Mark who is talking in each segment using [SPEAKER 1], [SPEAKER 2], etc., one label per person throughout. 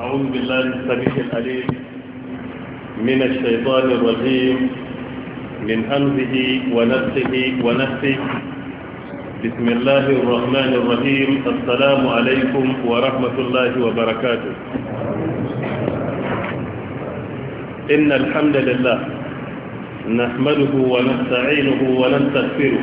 [SPEAKER 1] أعوذ بالله السميع العليم من الشيطان الرجيم من همزه ونفسه ونفسه بسم الله الرحمن الرحيم السلام عليكم ورحمة الله وبركاته إن الحمد لله نحمده ونستعينه ونستغفره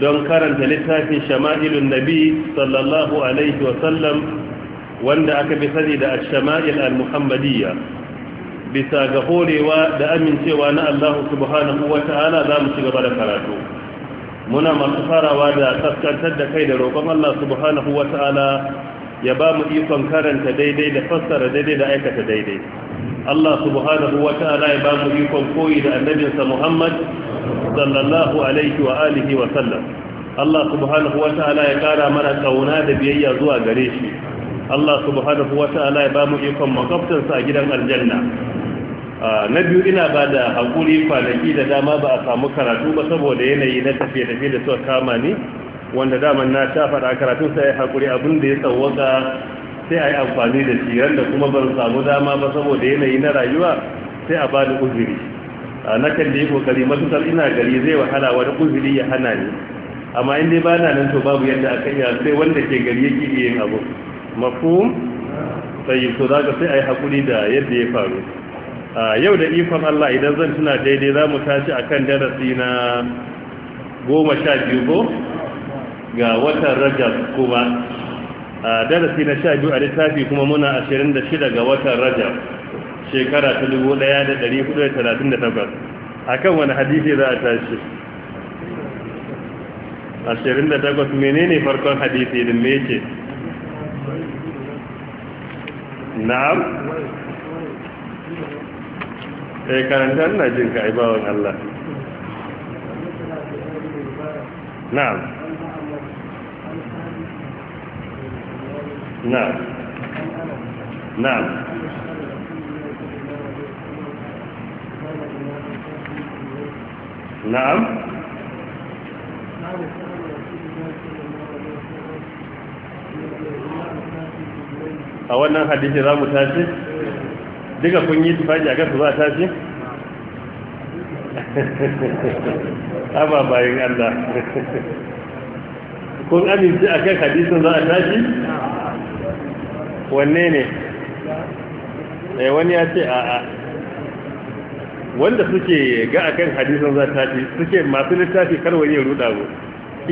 [SPEAKER 1] don karanta littafin shama'ilun nabi sallallahu alaihi wasallam wanda aka fi sani da shama'il al-muhammadiyya bisa ga horewa da amincewa na Allah subhanahu wa ta'ala za mu ci gaba da karatu muna masu farawa da kaskantar da kai da roƙon Allah subhanahu wa ta'ala ya ba mu ikon karanta daidai da fassara daidai da aikata daidai Allah subhanahu wa ta'ala ya ba mu ikon koyi da annabinsa Muhammad sallallahu alaihi wa alihi wa sallam Allah subhanahu wa ta'ala ya kara mana kauna da biyayya zuwa gare shi Allah subhanahu wa ta'ala ya bamu mu ikon makwabtansa a gidan aljanna na biyu ina ba da haƙuri kwanaki da dama ba a samu karatu ba saboda yanayi na tafiye-tafiye da suka kama ni wanda daman na ta faɗa karatun sai haƙuri abin da ya sauwaka sai a yi amfani da shi da kuma ban samu dama ba saboda yanayi na rayuwa sai a ba da uzuri na kan da yi kokari matukar ina gari zai wahala wani kuzuri ya hana ni amma in dai ba na nan to babu yadda aka iya sai wanda ke gari yake iya yin abu mafhum sai to za ka sai a yi haƙuri da yadda ya faru yau da ikon Allah idan zan tuna daidai za mu tashi a kan darasi na goma sha biyu ko ga watan rajab kuma darasi na sha biyu a littafi kuma muna ashirin da shida ga watan rajab shekara ta 1438 kan wani hadisi za a tashi 28 menene farkon hadisi din me ce? na'am
[SPEAKER 2] ɗaya eh, karanta ina jin ka aibawan Allah na'am na'am na'am na'am a wannan hadisi za mu tashi
[SPEAKER 1] duka kun yi tufaji a kasu za a tashi ababayin bayan allah kun amince a kan hadisun za a tashi wanne ne eh, wani ya ce a'a wanda suke ga akan hadisin za ta fi suke masu littafi karwai wani ya ruda mu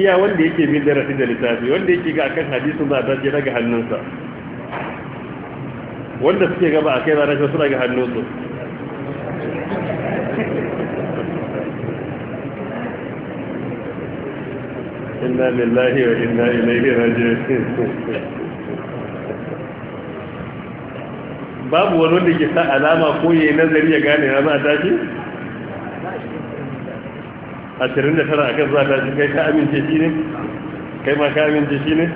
[SPEAKER 1] iya wanda yake bin darasi da littafi wanda yake ga akan hadisin za ta je daga hannunsa wanda suke gaba a kai zarafi su ga hannunsu inna lillahi wa inna ilaihi raji'un babu wani wanda ke sa alama ko yayi nazari ya gane ya za ta shi ashirin da tara akan za ta shi kai ka amince shi ne kai ma ka amince shi ne